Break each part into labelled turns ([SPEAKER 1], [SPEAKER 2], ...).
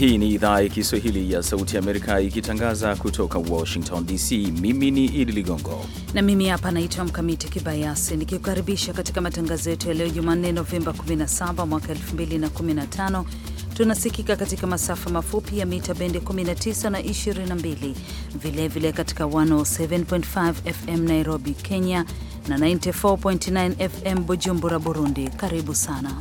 [SPEAKER 1] Hii ni idhaa ya Kiswahili ya Sauti ya Amerika ikitangaza kutoka Washington DC. Mimi ni Idi Ligongo
[SPEAKER 2] na mimi hapa naitwa Mkamiti Kibayasi nikikukaribisha katika matangazo yetu ya leo Jumanne, Novemba 17 mwaka 2015. Tunasikika katika masafa mafupi ya mita bendi 19 na 22, vilevile vile katika 107.5 FM Nairobi, Kenya na 94.9 FM Bujumbura, Burundi. Karibu sana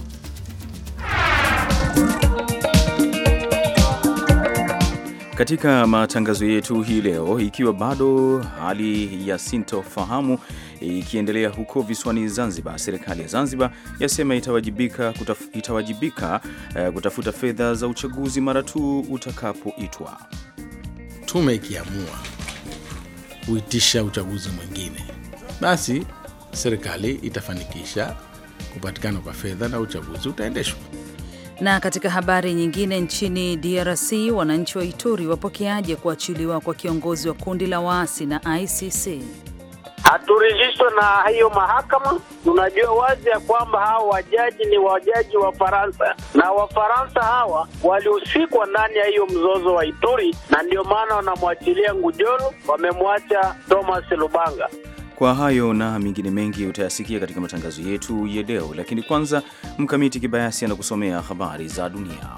[SPEAKER 1] katika matangazo yetu hii leo, ikiwa bado hali ya sintofahamu ikiendelea huko visiwani Zanzibar, serikali ya Zanzibar yasema itawajibika, kutaf, itawajibika uh, kutafuta fedha za uchaguzi mara tu utakapoitwa.
[SPEAKER 3] Tume ikiamua kuitisha uchaguzi mwingine, basi serikali itafanikisha kupatikana kwa fedha na uchaguzi utaendeshwa.
[SPEAKER 2] Na katika habari nyingine, nchini DRC wananchi wa Ituri wapokeaje kuachiliwa kwa kiongozi wa kundi la waasi na ICC? Haturijishwa na hiyo mahakama.
[SPEAKER 4] Tunajua wazi ya kwamba hawa wajaji ni wajaji wa Faransa na Wafaransa hawa walihusikwa ndani ya hiyo mzozo wa Ituri, na ndio maana wanamwachilia Ngujolo, wamemwacha Thomas Lubanga.
[SPEAKER 1] Kwa hayo na mengine mengi utayasikia katika matangazo yetu ya leo, lakini kwanza Mkamiti Kibayasi anakusomea habari za
[SPEAKER 4] dunia.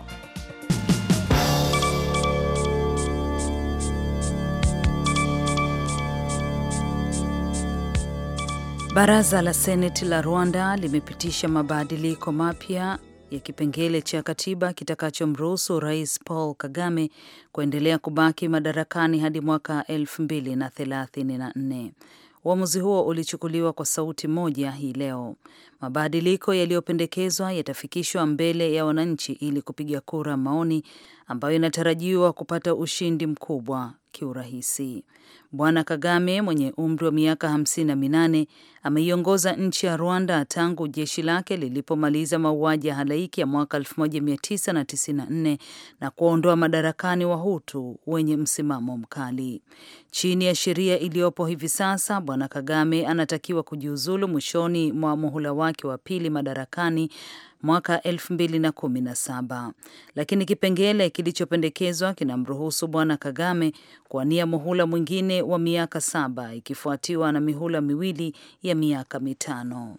[SPEAKER 2] Baraza la Seneti la Rwanda limepitisha mabadiliko mapya ya kipengele cha katiba kitakachomruhusu Rais Paul Kagame kuendelea kubaki madarakani hadi mwaka 2034. Uamuzi huo ulichukuliwa kwa sauti moja hii leo. Mabadiliko yaliyopendekezwa yatafikishwa mbele ya wananchi ili kupiga kura maoni ambayo inatarajiwa kupata ushindi mkubwa kiurahisi. Bwana Kagame mwenye umri wa miaka hamsini na minane ameiongoza nchi ya Rwanda tangu jeshi lake lilipomaliza mauaji ya halaiki ya mwaka 1994 na kuondoa madarakani Wahutu wenye msimamo mkali. Chini ya sheria iliyopo hivi sasa, Bwana Kagame anatakiwa kujiuzulu mwishoni mwa muhula wake wake wa pili madarakani mwaka 2017 lakini kipengele kilichopendekezwa kinamruhusu bwana Kagame kuwania muhula mwingine wa miaka saba ikifuatiwa na mihula miwili ya miaka mitano.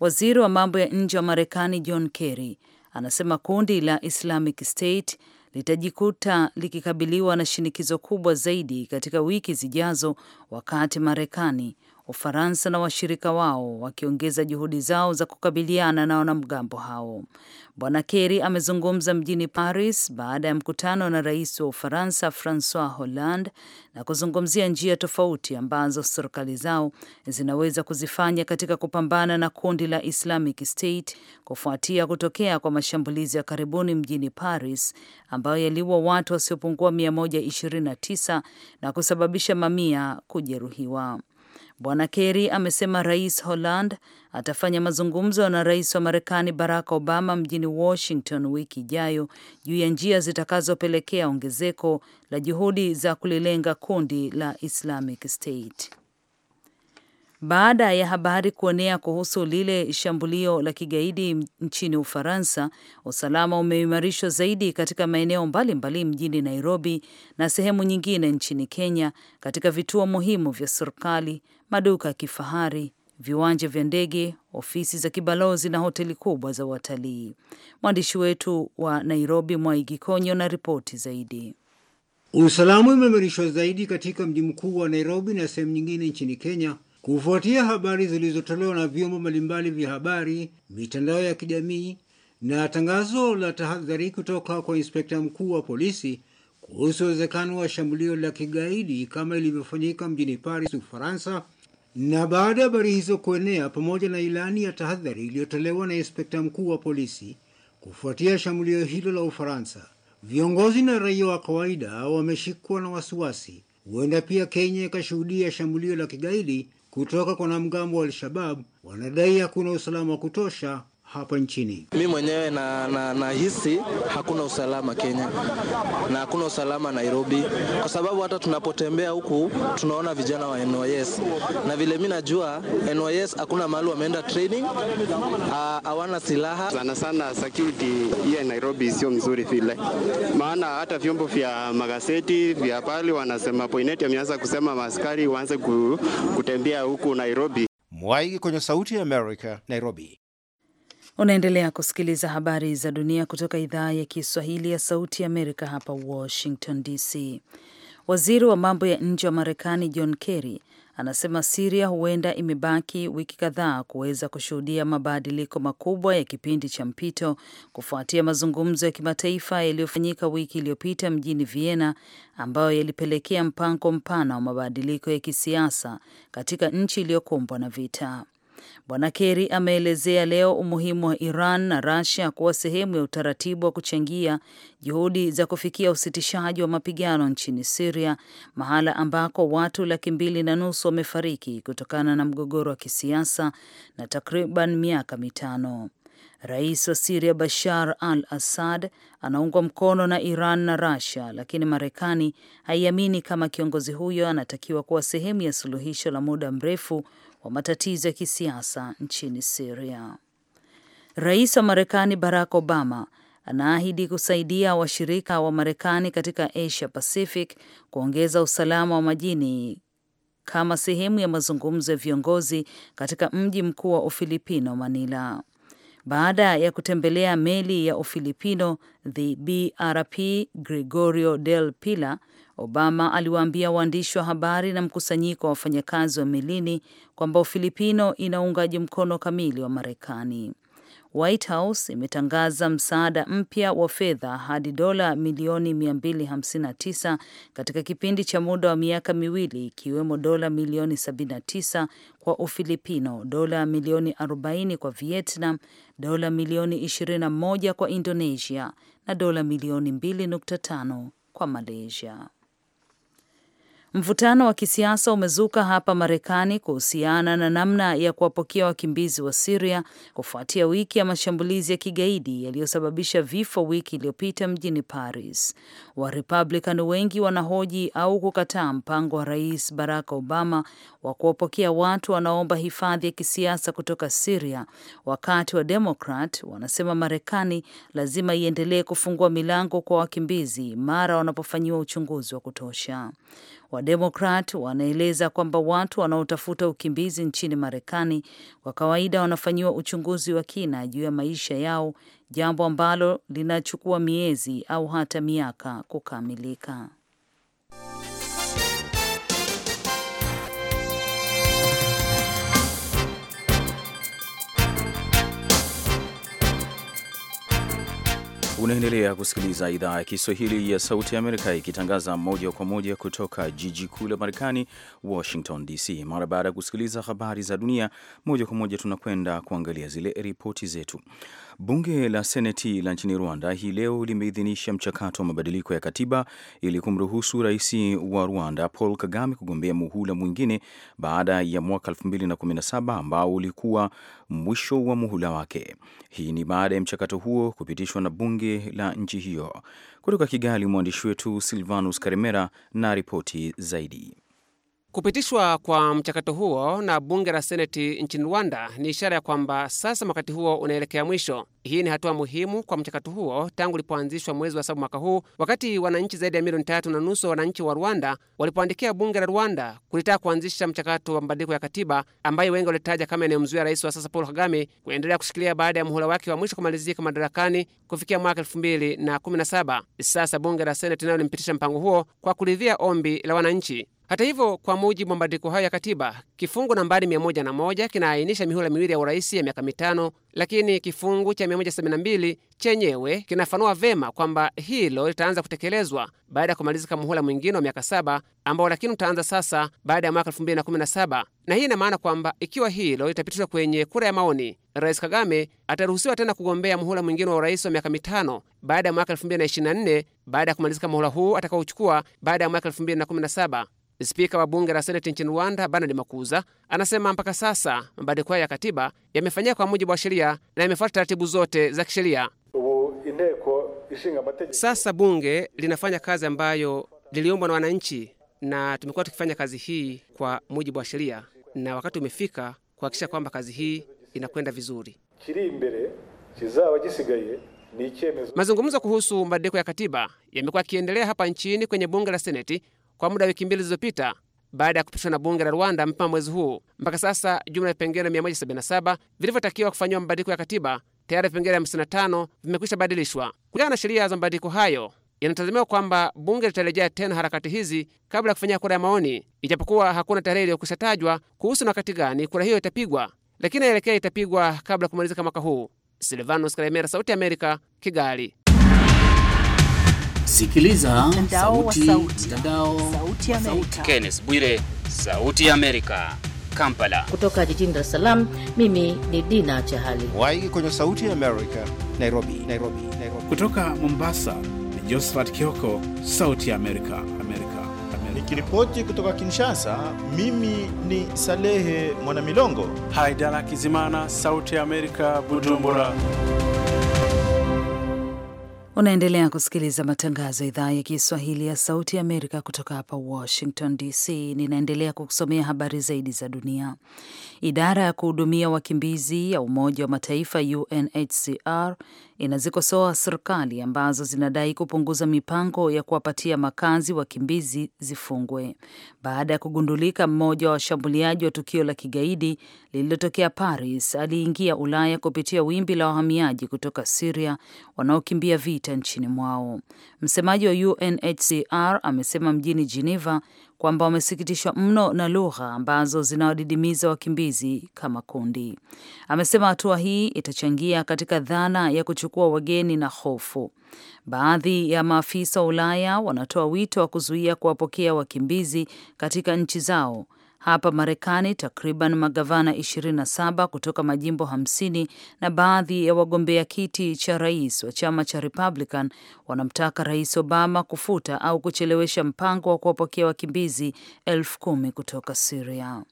[SPEAKER 2] Waziri wa mambo ya nje wa Marekani John Kerry anasema kundi la Islamic State litajikuta likikabiliwa na shinikizo kubwa zaidi katika wiki zijazo, wakati Marekani Ufaransa na washirika wao wakiongeza juhudi zao za kukabiliana na wanamgambo hao. Bwana Kerry amezungumza mjini Paris baada ya mkutano na rais wa Ufaransa Francois Hollande na kuzungumzia njia tofauti ambazo serikali zao zinaweza kuzifanya katika kupambana na kundi la Islamic State kufuatia kutokea kwa mashambulizi ya karibuni mjini Paris ambayo yaliua watu wasiopungua 129 na kusababisha mamia kujeruhiwa. Bwana Kerry amesema Rais Hollande atafanya mazungumzo na rais wa Marekani Barack Obama mjini Washington wiki ijayo juu ya njia zitakazopelekea ongezeko la juhudi za kulilenga kundi la Islamic State baada ya habari kuonea kuhusu lile shambulio la kigaidi nchini Ufaransa. Usalama umeimarishwa zaidi katika maeneo mbalimbali mjini Nairobi na sehemu nyingine nchini Kenya, katika vituo muhimu vya serikali, maduka ya kifahari, viwanja vya ndege, ofisi za kibalozi na hoteli kubwa za watalii. Mwandishi wetu wa Nairobi, Mwaigi Konyo, na ripoti zaidi.
[SPEAKER 4] Usalama umeimarishwa zaidi katika mji mkuu wa Nairobi na sehemu nyingine nchini Kenya Kufuatia habari zilizotolewa na vyombo mbalimbali vya habari, mitandao ya kijamii na tangazo la tahadhari kutoka kwa inspekta mkuu wa polisi kuhusu uwezekano wa shambulio la kigaidi kama ilivyofanyika mjini Paris, Ufaransa, na baada ya habari hizo kuenea pamoja na ilani ya tahadhari iliyotolewa na inspekta mkuu wa polisi kufuatia shambulio hilo la Ufaransa, viongozi na raia wa kawaida wameshikwa na wasiwasi. Huenda pia Kenya ikashuhudia shambulio la kigaidi kutoka kwa wanamgambo wa al shababu wanadai hakuna usalama wa kutosha hapa nchini.
[SPEAKER 3] Mi mwenyewe na, na, na hakuna usalama Kenya na hakuna usalama Nairobi, kwa sababu hata tunapotembea huku tunaona vijana wa NYS na vile mi najua NYS hakuna mahali wameenda training, hawana silaha sana sana. Security ya Nairobi
[SPEAKER 4] sio mzuri vile, maana hata vyombo vya magazeti vya pale wanasema Poineti ameanza kusema maaskari waanze kutembea huku Nairobi. Mwaigi kwenye Sauti ya America, Nairobi.
[SPEAKER 2] Unaendelea kusikiliza habari za dunia kutoka idhaa ya Kiswahili ya Sauti ya Amerika hapa Washington DC. Waziri wa mambo ya nje wa Marekani John Kerry anasema Siria huenda imebaki wiki kadhaa kuweza kushuhudia mabadiliko makubwa ya kipindi cha mpito kufuatia mazungumzo ya kimataifa yaliyofanyika wiki iliyopita mjini Vienna ambayo yalipelekea mpango mpana wa mabadiliko ya kisiasa katika nchi iliyokumbwa na vita. Bwana Kerry ameelezea leo umuhimu wa Iran na Russia kuwa sehemu ya utaratibu wa kuchangia juhudi za kufikia usitishaji wa mapigano nchini Syria, mahala ambako watu laki mbili na nusu wamefariki kutokana na mgogoro wa kisiasa na takriban miaka mitano. Rais wa Siria Bashar al Assad anaungwa mkono na Iran na rasia lakini Marekani haiamini kama kiongozi huyo anatakiwa kuwa sehemu ya suluhisho la muda mrefu wa matatizo ya kisiasa nchini Syria. Rais wa Marekani Barack Obama anaahidi kusaidia washirika wa Marekani katika Asia Pacific kuongeza usalama wa majini kama sehemu ya mazungumzo ya viongozi katika mji mkuu wa Ufilipino, Manila. Baada ya kutembelea meli ya Ufilipino the BRP Gregorio del Pilar Obama aliwaambia waandishi wa habari na mkusanyiko wa wafanyakazi wa melini kwamba Ufilipino ina uungaji mkono kamili wa Marekani. White House imetangaza msaada mpya wa fedha hadi dola milioni 259 katika kipindi cha muda wa miaka miwili, ikiwemo dola milioni 79 kwa Ufilipino, dola milioni 40 kwa Vietnam, dola milioni 21 kwa Indonesia na dola milioni 2.5 kwa Malaysia. Mvutano wa kisiasa umezuka hapa Marekani kuhusiana na namna ya kuwapokea wakimbizi wa Siria kufuatia wiki ya mashambulizi ya kigaidi yaliyosababisha vifo wiki iliyopita mjini Paris. Warepublican wengi wanahoji au kukataa mpango wa Rais Barack Obama wa kuwapokea watu wanaomba hifadhi ya kisiasa kutoka Siria, wakati wa Demokrat wanasema Marekani lazima iendelee kufungua milango kwa wakimbizi mara wanapofanyiwa uchunguzi wa kutosha. Wademokrat wanaeleza kwamba watu wanaotafuta ukimbizi nchini Marekani kwa kawaida wanafanyiwa uchunguzi wa kina juu ya maisha yao, jambo ambalo linachukua miezi au hata miaka kukamilika.
[SPEAKER 1] Unaendelea kusikiliza idhaa ya Kiswahili ya Sauti ya Amerika ikitangaza moja kwa moja kutoka jiji kuu la Marekani, Washington DC. Mara baada ya kusikiliza habari za dunia moja kwa moja, tunakwenda kuangalia zile ripoti zetu. Bunge la Seneti la nchini Rwanda hii leo limeidhinisha mchakato wa mabadiliko ya katiba ili kumruhusu rais wa Rwanda Paul Kagame kugombea muhula mwingine baada ya mwaka 2017 ambao ulikuwa mwisho wa muhula wake. Hii ni baada ya mchakato huo kupitishwa na bunge la nchi hiyo. Kutoka Kigali, mwandishi wetu Silvanus Karimera na ripoti zaidi.
[SPEAKER 5] Kupitishwa kwa mchakato huo na bunge la seneti nchini Rwanda ni ishara ya kwamba sasa wakati huo unaelekea mwisho. Hii ni hatua muhimu kwa mchakato huo tangu ulipoanzishwa mwezi wa saba mwaka huu, wakati wananchi zaidi ya milioni tatu na nusu wa wananchi wa Rwanda walipoandikia bunge la Rwanda kulitaka kuanzisha mchakato wa mabadiliko ya katiba ambayo wengi walitaja kama inayomzuia rais wa sasa Paul Kagame kuendelea kushikilia baada ya muhula wake wa mwisho kumalizika madarakani kufikia mwaka saba. Sasa bunge la seneti nayo limpitisha mpango huo kwa kuridhia ombi la wananchi. Hata hivyo, kwa mujibu wa mabadiliko hayo ya katiba, kifungu nambari 101 kinaainisha mihula miwili ya urais ya miaka mitano, lakini kifungu cha 172 chenyewe kinafanua vema kwamba hilo litaanza kutekelezwa baada ya kumalizika muhula mwingine wa miaka saba ambao lakini utaanza sasa baada ya mwaka 2017 na hii ina maana kwamba ikiwa hilo litapitishwa kwenye kura ya maoni, Rais Kagame ataruhusiwa tena kugombea muhula mwingine wa urais wa miaka mitano baada ya mwaka 2024 baada ya kumalizika muhula huu atakaochukua baada ya mwaka 2017. Spika wa bunge la seneti nchini Rwanda, Bernard Makuza, anasema mpaka sasa mabadiliko hayo ya katiba yamefanyika kwa mujibu wa sheria na yamefuata taratibu zote za kisheria. Sasa bunge linafanya kazi ambayo liliombwa na wananchi, na tumekuwa tukifanya kazi hii kwa mujibu wa sheria, na wakati umefika kuhakikisha kwamba kazi hii inakwenda vizuri. Mazungumzo kuhusu mabadiliko ya katiba yamekuwa yakiendelea hapa nchini kwenye bunge la seneti kwa muda wa wiki mbili zilizopita baada ya kupitishwa na bunge la Rwanda mapema mwezi huu. Mpaka sasa jumla ya vipengele 177 vilivyotakiwa kufanyiwa mabadiliko ya katiba, tayari vipengele 55 vimekwisha badilishwa. Kulingana na sheria za mabadiliko hayo, inatazamiwa kwamba bunge litarejea tena harakati hizi kabla ya kufanyia kura ya maoni, ijapokuwa hakuna tarehe iliyokwisha tajwa kuhusu na wakati gani kura hiyo itapigwa, lakini inaelekea itapigwa kabla ya kumalizika mwaka huu. Silvanus Kalemera, Sauti ya Amerika, Kigali.
[SPEAKER 2] Sikiliza mtandao sauti, sauti. Mtandao sauti ya Amerika.
[SPEAKER 6] Kenneth Bwire, sauti ya Amerika. Kampala.
[SPEAKER 2] Kutoka jijini Dar es Salaam, mimi ni
[SPEAKER 4] Dina Chahali. Waigi kwenye sauti ya Amerika, Nairobi, Nairobi, Nairobi. Kutoka
[SPEAKER 3] Mombasa ni Josephat Kioko, sauti ya Amerika, Amerika. Nikiripoti kutoka Kinshasa, mimi ni Salehe Mwanamilongo. Haidara Kizimana, sauti ya Amerika, Bujumbura.
[SPEAKER 2] Unaendelea kusikiliza matangazo ya idhaa ya Kiswahili ya Sauti ya Amerika kutoka hapa Washington DC. Ninaendelea kukusomea habari zaidi za dunia. Idara ya kuhudumia wakimbizi ya Umoja wa Mataifa, UNHCR, inazikosoa serikali ambazo zinadai kupunguza mipango ya kuwapatia makazi wakimbizi zifungwe baada ya kugundulika mmoja wa washambuliaji wa tukio la kigaidi lililotokea Paris aliingia Ulaya kupitia wimbi la wahamiaji kutoka Siria wanaokimbia vita nchini mwao. Msemaji wa UNHCR amesema mjini Geneva kwamba wamesikitishwa mno na lugha ambazo zinawadidimiza wakimbizi kama kundi. Amesema hatua hii itachangia katika dhana ya kuchukua wageni na hofu. Baadhi ya maafisa wa Ulaya wanatoa wito wa kuzuia kuwapokea wakimbizi katika nchi zao hapa Marekani, takriban magavana 27 kutoka majimbo 50 na baadhi ya wagombea kiti cha rais wa chama cha Republican wanamtaka Rais Obama kufuta au kuchelewesha mpango wa kuwapokea wakimbizi elfu kumi kutoka Siria.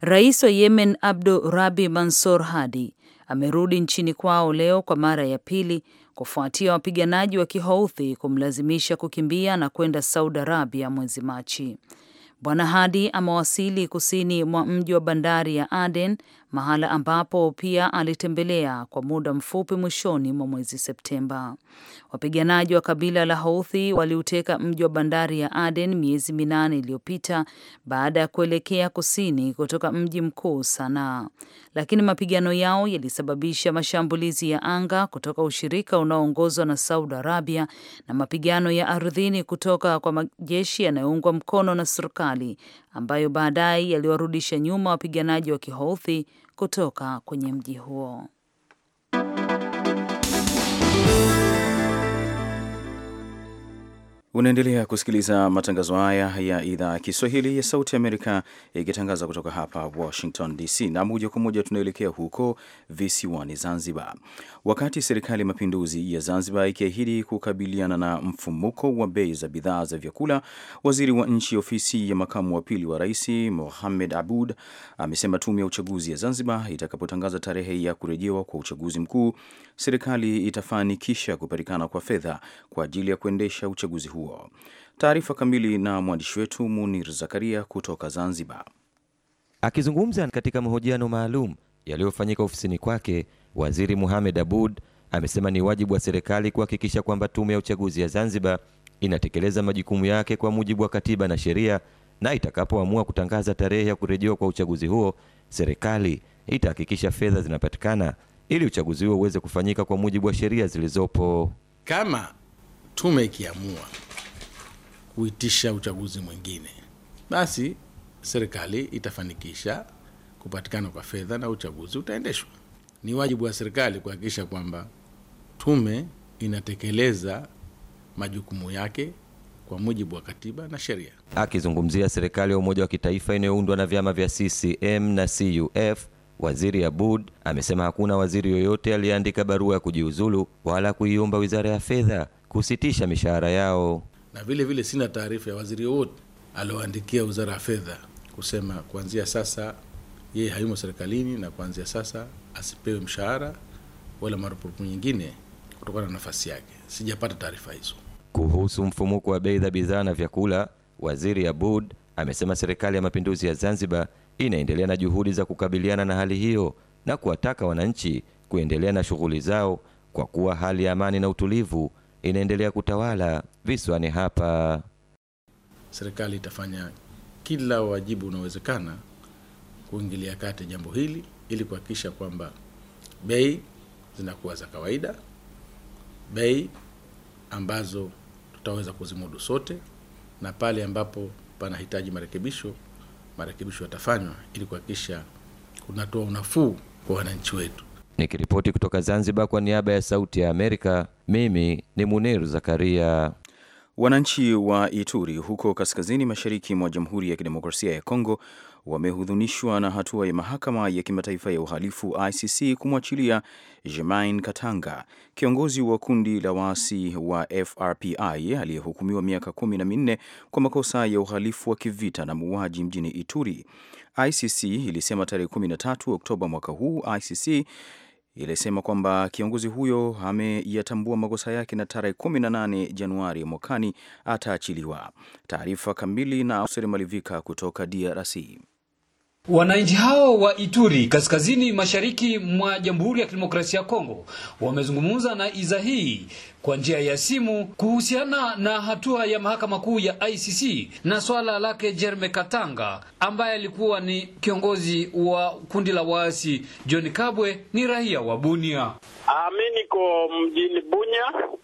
[SPEAKER 2] Rais wa Yemen Abdu Rabi Mansor Hadi amerudi nchini kwao leo kwa mara ya pili kufuatia wapiganaji wa Kihouthi kumlazimisha kukimbia na kwenda Saudi Arabia mwezi Machi. Bwana Hadi amewasili kusini mwa mji wa bandari ya Aden mahala ambapo pia alitembelea kwa muda mfupi mwishoni mwa mwezi Septemba. Wapiganaji wa kabila la Houthi waliuteka mji wa bandari ya Aden miezi minane iliyopita baada ya kuelekea kusini kutoka mji mkuu Sanaa, lakini mapigano yao yalisababisha mashambulizi ya anga kutoka ushirika unaoongozwa na Saudi Arabia na mapigano ya ardhini kutoka kwa majeshi yanayoungwa mkono na serikali ambayo baadaye yaliwarudisha nyuma wapiganaji wa Kihouthi kutoka kwenye mji huo.
[SPEAKER 1] Unaendelea kusikiliza matangazo haya ya idhaa ya Kiswahili ya Sauti Amerika ikitangaza kutoka hapa Washington DC, na moja kwa moja tunaelekea huko visiwani Zanzibar. Wakati serikali ya mapinduzi ya Zanzibar ikiahidi kukabiliana na mfumuko wa bei za bidhaa za vyakula, waziri wa nchi ofisi ya makamu wa pili wa rais Mohamed Abud amesema tume ya uchaguzi ya Zanzibar itakapotangaza tarehe ya kurejewa kwa uchaguzi mkuu serikali itafanikisha kupatikana kwa fedha kwa ajili ya kuendesha uchaguzi huo. Taarifa kamili na mwandishi wetu Munir
[SPEAKER 7] Zakaria kutoka Zanzibar. Akizungumza katika mahojiano maalum yaliyofanyika ofisini kwake, Waziri muhamed Abud amesema ni wajibu wa serikali kuhakikisha kwamba tume ya uchaguzi ya Zanzibar inatekeleza majukumu yake kwa mujibu wa katiba na sheria, na itakapoamua kutangaza tarehe ya kurejewa kwa uchaguzi huo, serikali itahakikisha fedha zinapatikana ili uchaguzi huo uweze kufanyika kwa mujibu wa sheria zilizopo. Kama
[SPEAKER 3] tume ikiamua kuitisha uchaguzi mwingine, basi serikali itafanikisha kupatikana kwa fedha na uchaguzi utaendeshwa. Ni wajibu wa serikali kuhakikisha kwamba tume inatekeleza majukumu yake kwa mujibu wa katiba na sheria.
[SPEAKER 7] Akizungumzia serikali ya umoja wa kitaifa inayoundwa na vyama vya CCM na CUF Waziri abud amesema hakuna waziri yoyote aliyeandika barua ya kujiuzulu wala kuiomba Wizara ya Fedha kusitisha mishahara yao,
[SPEAKER 3] na vile vile sina taarifa ya waziri wote alioandikia Wizara ya Fedha kusema kuanzia sasa yeye hayumo serikalini na kuanzia sasa asipewe mshahara wala marupurupu nyingine kutokana na nafasi yake. Sijapata taarifa hizo.
[SPEAKER 7] Kuhusu mfumuko wa bei za bidhaa na vyakula, Waziri abud amesema Serikali ya Mapinduzi ya Zanzibar inaendelea na juhudi za kukabiliana na hali hiyo na kuwataka wananchi kuendelea na shughuli zao kwa kuwa hali ya amani na utulivu inaendelea kutawala visiwani hapa.
[SPEAKER 3] Serikali itafanya kila wajibu unaowezekana kuingilia kati jambo hili ili kuhakikisha kwamba bei zinakuwa za kawaida, bei ambazo tutaweza kuzimudu sote, na pale ambapo panahitaji marekebisho marekebisho yatafanywa ili kuhakikisha kunatoa unafuu
[SPEAKER 7] kwa wananchi wetu. Nikiripoti kutoka Zanzibar kwa niaba ya Sauti ya Amerika, mimi ni Muniru Zakaria.
[SPEAKER 1] Wananchi wa Ituri huko kaskazini
[SPEAKER 7] mashariki mwa Jamhuri
[SPEAKER 1] ya Kidemokrasia ya Kongo wamehudhunishwa na hatua ya mahakama ya kimataifa ya uhalifu ICC kumwachilia Germain Katanga, kiongozi wa kundi la waasi wa FRPI aliyehukumiwa miaka kumi na minne kwa makosa ya uhalifu wa kivita na muuaji mjini Ituri. ICC ilisema tarehe 13 Oktoba mwaka huu ICC ilisema kwamba kiongozi huyo ameyatambua makosa yake na tarehe 18 Januari mwakani ataachiliwa. Taarifa kamili na Auseri Malivika kutoka DRC.
[SPEAKER 6] Wananchi hao wa Ituri kaskazini mashariki mwa Jamhuri ya Kidemokrasia ya Kongo wamezungumza na idhaa hii kwa njia ya simu kuhusiana na hatua ya mahakama kuu ya ICC na swala lake Jerme Katanga ambaye alikuwa ni kiongozi wa kundi la waasi. John Kabwe ni raia wa Bunia.
[SPEAKER 4] Ah, mimi niko mjini Bunia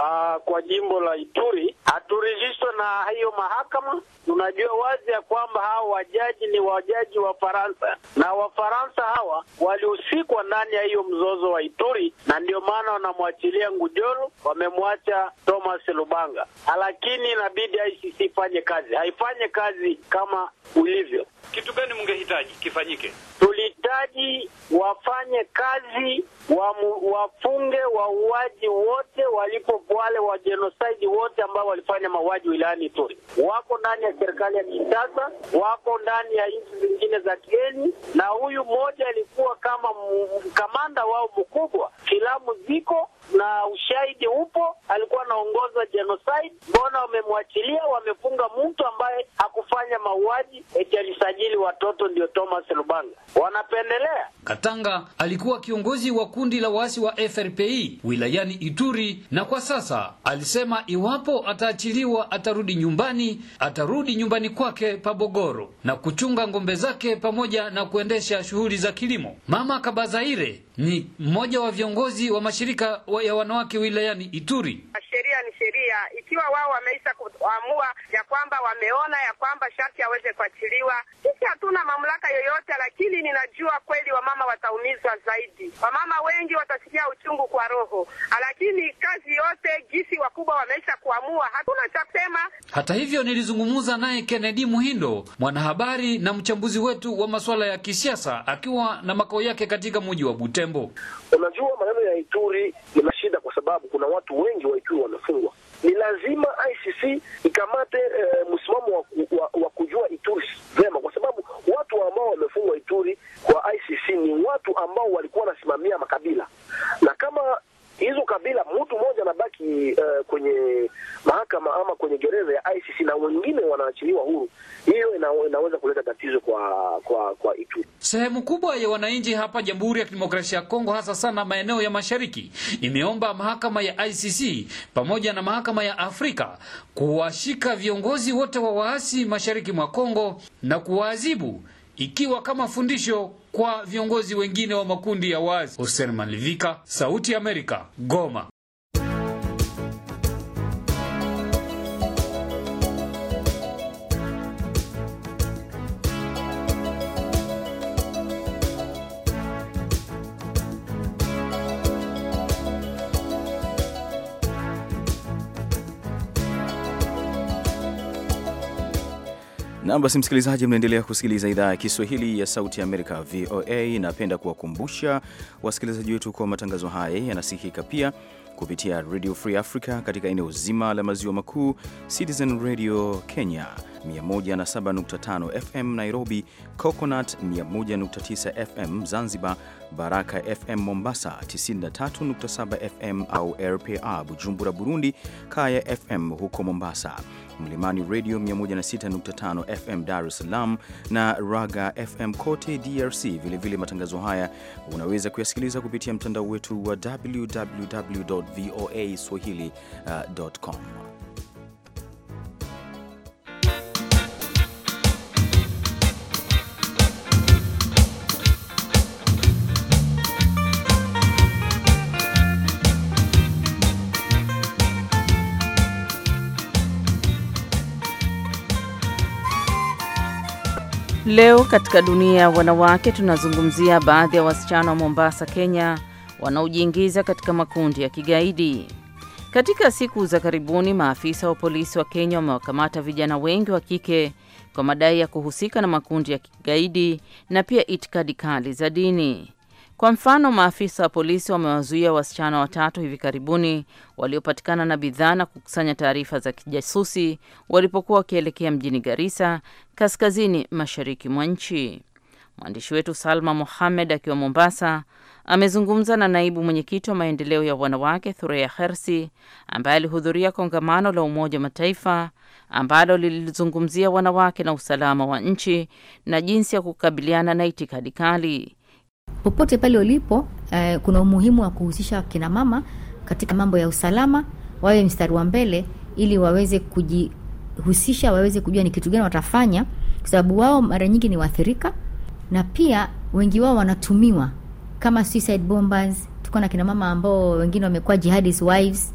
[SPEAKER 4] uh, kwa jimbo la Ituri haturihishwa na hiyo mahakama. Tunajua wazi ya kwamba hawa wajaji ni wajaji wa Faransa na Wafaransa hawa walihusikwa ndani ya hiyo mzozo wa Ituri, na ndio maana wanamwachilia Ngujolo, wamemwacha Thomas Lubanga, lakini inabidi ICC ifanye kazi, haifanye kazi
[SPEAKER 6] kama ulivyo. Kitu gani mngehitaji kifanyike? Tuli
[SPEAKER 4] wanahitaji wafanye kazi wafunge wafunge wauaji wote walipo wale wa genocide wote ambao walifanya mauaji wilayani Ituri. Wako ndani ya serikali ya Kinshasa, wako ndani ya nchi zingine za kigeni, na huyu mmoja alikuwa kama kamanda wao mkubwa. Filamu ziko na ushahidi upo, alikuwa anaongoza genocide. Mbona wamemwachilia? Wamefunga mtu ambaye hakufanya mauaji eti alisajili watoto, ndio Thomas Lubanga wanapendelea.
[SPEAKER 6] Katanga alikuwa kiongozi wa kundi la waasi wa FRPI wilayani Ituri, na kwa sasa alisema iwapo ataachiliwa atarudi nyumbani, atarudi nyumbani kwake Pabogoro na kuchunga ng'ombe zake pamoja na kuendesha shughuli za kilimo. Mama Kabazaire ni mmoja wa viongozi wa mashirika wa ya wanawake wilayani Ituri.
[SPEAKER 4] Sheria ni sheria, ikiwa wao wameisha kuamua kwamba wameona ya kwamba sharti aweze kuachiliwa. Sisi hatuna mamlaka yoyote, lakini ninajua kweli wamama wataumizwa zaidi, wamama wengi watasikia uchungu kwa roho, lakini kazi yote
[SPEAKER 6] gisi wakubwa wameisha kuamua, hatuna cha kusema. Hata hivyo, nilizungumza naye Kennedy Muhindo, mwanahabari na mchambuzi wetu wa masuala ya kisiasa, akiwa na makao yake katika mji wa Butembo.
[SPEAKER 4] Unajua, maneno ya Ituri ina shida kwa sababu kuna watu wengi wa Ituri wamefungwa ni lazima ICC ikamate eh, msimamo wa, wa, wa kujua Ituri vema, kwa sababu watu ambao wamefungwa Ituri kwa ICC ni watu ambao walikuwa wanasimamia makabila na kama hizo kabila, mtu mmoja anabaki uh, kwenye mahakama ama kwenye gereza ya ICC na wengine wanaachiliwa huru, hiyo ina, inaweza kuleta tatizo kwa kwa kwa itu.
[SPEAKER 6] Sehemu kubwa ya wananchi hapa Jamhuri ya Kidemokrasia ya Kongo, hasa sana maeneo ya mashariki, imeomba mahakama ya ICC pamoja na mahakama ya Afrika kuwashika viongozi wote wa waasi mashariki mwa Kongo na kuwaadhibu ikiwa kama fundisho kwa viongozi wengine wa makundi ya wazi Hussein Malivika, Sauti ya Amerika, Goma.
[SPEAKER 1] Nam, basi msikilizaji, mnaendelea kusikiliza idhaa ya Kiswahili ya Sauti ya Amerika, VOA. Napenda kuwakumbusha wasikilizaji wetu kwa matangazo haya yanasikika pia kupitia Radio Free Africa katika eneo zima la maziwa makuu, Citizen Radio Kenya 107.5 FM Nairobi, Coconut 101.9 FM Zanzibar, Baraka FM Mombasa 93.7 FM au RPA Bujumbura Burundi, Kaya FM huko Mombasa, Mlimani Radio 106.5 FM Dar es Salaam na Raga FM kote DRC. Vilevile matangazo haya unaweza kuyasikiliza kupitia mtandao wetu wa www voa swahili.com. Uh,
[SPEAKER 2] Leo katika dunia ya wanawake tunazungumzia baadhi ya wasichana wa Mombasa, Kenya wanaojiingiza katika makundi ya kigaidi. Katika siku za karibuni, maafisa wa polisi wa Kenya wamewakamata vijana wengi wa kike kwa madai ya kuhusika na makundi ya kigaidi na pia itikadi kali za dini. Kwa mfano, maafisa wa polisi wamewazuia wasichana watatu hivi karibuni waliopatikana na bidhaa na kukusanya taarifa za kijasusi walipokuwa wakielekea mjini Garissa, kaskazini mashariki mwa nchi. Mwandishi wetu Salma Mohamed akiwa Mombasa amezungumza na naibu mwenyekiti wa maendeleo ya wanawake Thureya Khersi ambaye alihudhuria kongamano la Umoja wa Mataifa ambalo lilizungumzia wanawake na usalama wa nchi na jinsi ya kukabiliana na itikadi kali.
[SPEAKER 8] Popote pale ulipo eh, kuna umuhimu wa kuhusisha kina mama katika mambo ya usalama, wawe mstari wa mbele ili waweze kujihusisha, waweze kujua ni kitu gani watafanya, kwa sababu wao mara nyingi ni waathirika, na pia wengi wao wanatumiwa kama suicide bombers. Tuko na kina mama ambao wengine wamekuwa jihadist wives.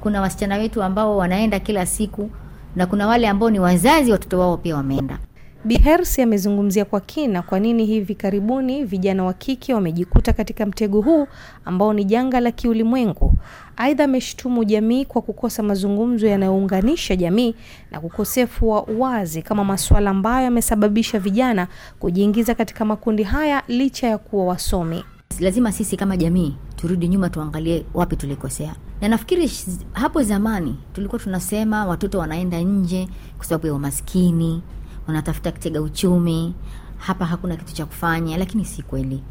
[SPEAKER 8] Kuna wasichana wetu ambao wanaenda kila siku, na kuna wale ambao ni wazazi, watoto wao pia wameenda. Bihersi amezungumzia kwa kina kwa nini hivi karibuni vijana wa kike wamejikuta
[SPEAKER 2] katika mtego huu ambao ni janga la kiulimwengu. Aidha, ameshtumu jamii kwa kukosa mazungumzo yanayounganisha jamii na kukosefu wa uwazi kama masuala ambayo
[SPEAKER 8] yamesababisha vijana kujiingiza katika makundi haya licha ya kuwa wasomi. Lazima sisi kama jamii turudi nyuma, tuangalie wapi tulikosea, na nafikiri hapo zamani tulikuwa tunasema watoto wanaenda nje kwa sababu ya umaskini wanatafuta kitega uchumi, hapa hakuna kitu cha kufanya, lakini si kweli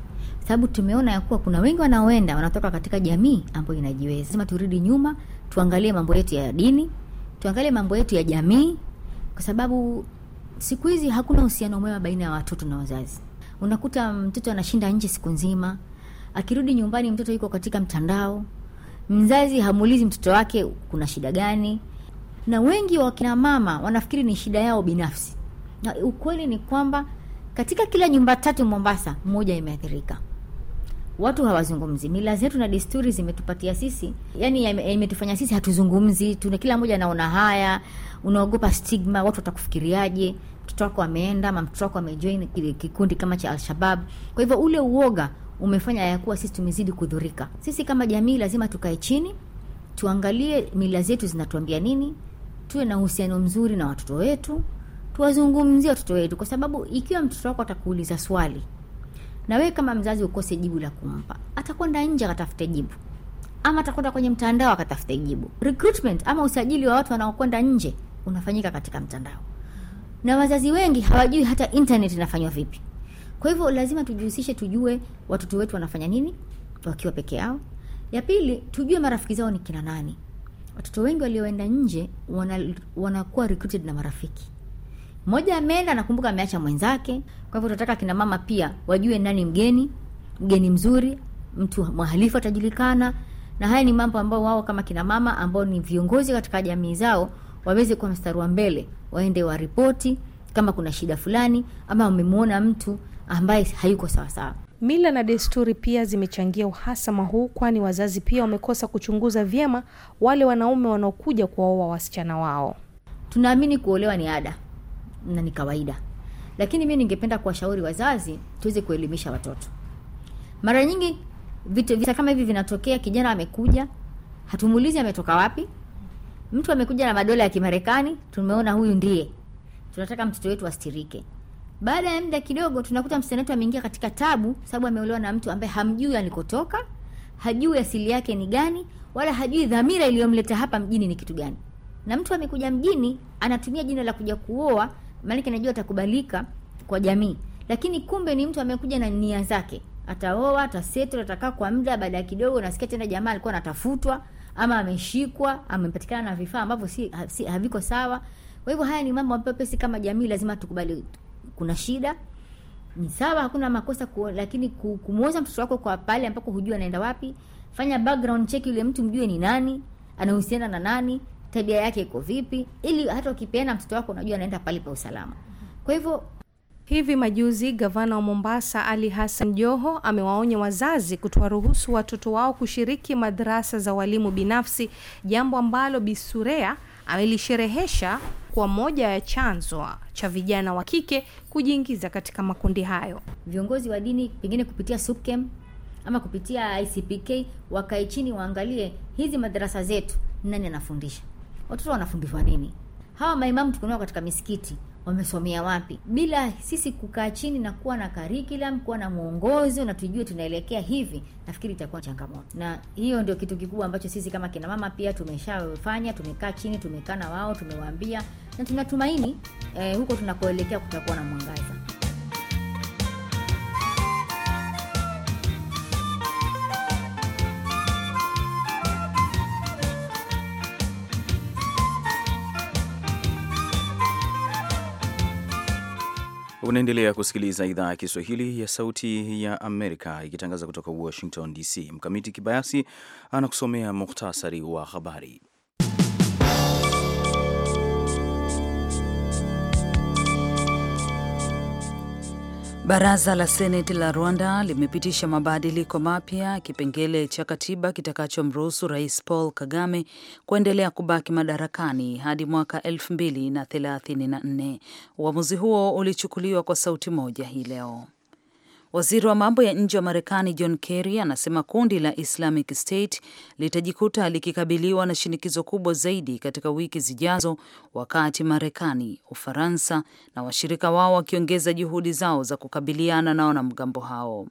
[SPEAKER 8] sababu tumeona ya kuwa kuna wengi wanaoenda wanatoka katika jamii ambayo inajiweza. Lazima turudi nyuma, tuangalie mambo yetu ya dini, tuangalie mambo yetu ya jamii, kwa sababu siku hizi hakuna uhusiano mwema baina ya watoto na wazazi. Unakuta mtoto anashinda nje siku nzima, akirudi nyumbani mtoto yuko katika mtandao, mzazi hamuulizi mtoto wake kuna shida gani, na wengi wa kina mama wanafikiri ni shida yao binafsi na ukweli ni kwamba katika kila nyumba tatu Mombasa moja imeathirika. Watu hawazungumzi. Mila zetu na desturi zimetupatia sisi, yani imetufanya sisi hatuzungumzi, tuna kila mmoja anaona haya, unaogopa stigma, watu watakufikiriaje? Mtoto wako ameenda ama mtoto wako amejoin kikundi kama cha Alshabab. Kwa hivyo ule uoga umefanya ya kuwa sisi tumezidi kudhurika. Sisi kama jamii lazima tukae chini, tuangalie mila zetu zinatuambia nini, tuwe na uhusiano mzuri na watoto wetu tuwazungumzie watoto wetu, kwa sababu ikiwa mtoto wako atakuuliza swali na wewe kama mzazi ukose jibu la kumpa, atakwenda nje akatafute jibu, ama atakwenda kwenye mtandao akatafute jibu. Recruitment ama usajili wa watu wanaokwenda nje unafanyika katika mtandao, na wazazi wengi hawajui hata internet inafanywa vipi. Kwa hivyo lazima tujihusishe, tujue watoto wetu wanafanya nini wakiwa peke yao. Ya pili, tujue marafiki zao ni kina nani. Watoto wengi walioenda nje wanakuwa wana recruited na marafiki mmoja ameenda nakumbuka ameacha mwenzake. Kwa hivyo tunataka kina mama pia wajue nani mgeni, mgeni mzuri, mtu mwahalifu atajulikana, na haya ni mambo ambao wao kama kina mama ambao ni viongozi katika jamii zao waweze kuwa mstari wa mbele, waende waripoti kama kuna shida fulani ama wamemwona mtu ambaye hayuko sawasawa. Mila na desturi pia
[SPEAKER 2] zimechangia uhasama huu, kwani wazazi pia wamekosa kuchunguza vyema wale wanaume
[SPEAKER 8] wanaokuja kuwaoa wasichana wao. Tunaamini kuolewa ni ada na ni kawaida lakini mi ningependa kuwashauri wazazi tuweze kuelimisha watoto mara nyingi vitu, vita kama hivi vinatokea kijana amekuja hatumuulizi ametoka wapi mtu amekuja na madola ya kimarekani tumeona huyu ndiye tunataka mtoto wetu astirike baada ya muda kidogo tunakuta msichana wetu ameingia katika tabu sababu ameolewa na mtu ambaye hamjui alikotoka hajui asili yake ni gani wala hajui dhamira iliyomleta hapa mjini ni kitu gani na mtu amekuja mjini anatumia jina la kuja kuoa maanake najua atakubalika kwa jamii lakini kumbe ni mtu amekuja na nia zake ataoa atasetl atakaa kwa muda ya kidogo nasikia tena jamaa alikuwa anatafutwa ama ameshikwa amepatikana na vifaa ambavyo si, ha, si haviko sawa kwa hivyo haya ni mambo ambayo pesi kama jamii lazima tukubali kuna shida ni sawa hakuna makosa ku, lakini kumwoza mtoto wako kwa pale ambako hujua anaenda wapi fanya background check yule mtu mjue ni nani anahusiana na nani tabia yake iko vipi, ili hata ukipeana mtoto wako unajua anaenda pale pa usalama. Kwa hivyo Hivi majuzi gavana wa Mombasa Ali Hassan Joho amewaonya wazazi
[SPEAKER 2] kutowaruhusu watoto wao kushiriki madrasa za walimu binafsi, jambo ambalo Bisurea amelisherehesha kwa moja ya chanzo cha vijana wa
[SPEAKER 8] kike kujiingiza katika makundi hayo. Viongozi wa dini pengine kupitia SUPKEM ama kupitia ICPK wakae chini waangalie hizi madrasa zetu, nani anafundisha watoto wanafundishwa nini? Hawa maimamu tukinao katika misikiti wamesomea wapi? Bila sisi kukaa chini na kuwa na karikulam kuwa na mwongozo na tujue tunaelekea hivi, nafikiri itakuwa changamoto. Na hiyo ndio kitu kikubwa ambacho sisi kama kina mama pia tumeshafanya, tumekaa chini, tumekaa na wao, tumewaambia na tunatumaini eh, huko tunakoelekea kutakuwa na mwangaza.
[SPEAKER 1] Unaendelea kusikiliza idhaa ya Kiswahili ya Sauti ya Amerika ikitangaza kutoka Washington DC. Mkamiti Kibayasi anakusomea muhtasari wa habari.
[SPEAKER 2] Baraza la Seneti la Rwanda limepitisha mabadiliko mapya kipengele cha katiba kitakachomruhusu Rais Paul Kagame kuendelea kubaki madarakani hadi mwaka 2034. Uamuzi huo ulichukuliwa kwa sauti moja hii leo. Waziri wa mambo ya nje wa Marekani John Kerry anasema kundi la Islamic State litajikuta likikabiliwa na shinikizo kubwa zaidi katika wiki zijazo, wakati Marekani, Ufaransa na washirika wao wakiongeza juhudi zao za kukabiliana na wanamgambo hao.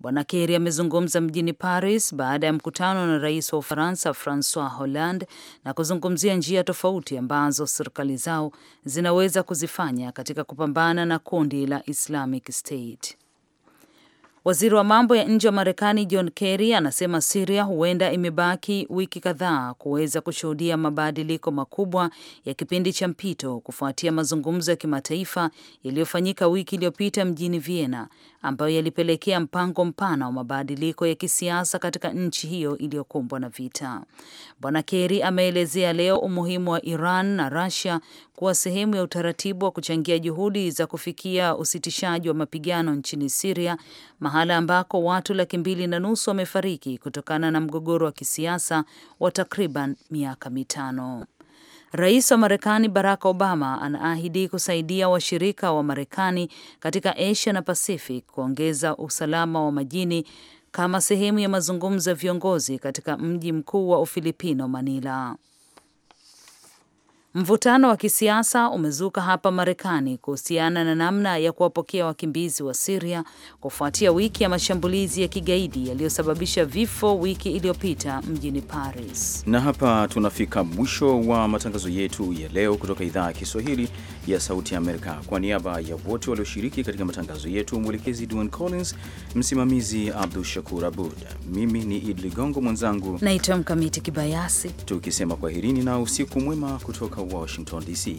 [SPEAKER 2] Bwana Kerry amezungumza mjini Paris baada ya mkutano na rais wa Ufaransa Francois Hollande na kuzungumzia njia tofauti ambazo serikali zao zinaweza kuzifanya katika kupambana na kundi la Islamic State. Waziri wa mambo ya nje wa Marekani John Kerry anasema Siria huenda imebaki wiki kadhaa kuweza kushuhudia mabadiliko makubwa ya kipindi cha mpito kufuatia mazungumzo ya kimataifa yaliyofanyika wiki iliyopita mjini Vienna ambayo yalipelekea mpango mpana wa mabadiliko ya kisiasa katika nchi hiyo iliyokumbwa na vita. Bwana Kerry ameelezea leo umuhimu wa Iran na Russia kuwa sehemu ya utaratibu wa kuchangia juhudi za kufikia usitishaji wa mapigano nchini Siria mahala ambako watu laki mbili na nusu wamefariki kutokana na mgogoro wa kisiasa wa takriban miaka mitano. Rais wa Marekani Barack Obama anaahidi kusaidia washirika wa Marekani katika Asia na Pacific kuongeza usalama wa majini kama sehemu ya mazungumzo ya viongozi katika mji mkuu wa Ufilipino, Manila. Mvutano wa kisiasa umezuka hapa Marekani kuhusiana na namna ya kuwapokea wakimbizi wa Siria kufuatia wiki ya mashambulizi ya kigaidi yaliyosababisha vifo wiki iliyopita mjini Paris.
[SPEAKER 1] Na hapa tunafika mwisho wa matangazo yetu ya leo kutoka idhaa ya Kiswahili ya Sauti ya Amerika. Kwa niaba ya wote walioshiriki katika matangazo yetu, mwelekezi Duan Collins, msimamizi Abdul Shakur Abud, mimi ni Idi Ligongo, mwenzangu
[SPEAKER 2] naitwa Mkamiti Kibayasi,
[SPEAKER 1] tukisema kwaherini na usiku mwema kutoka Washington, D.C.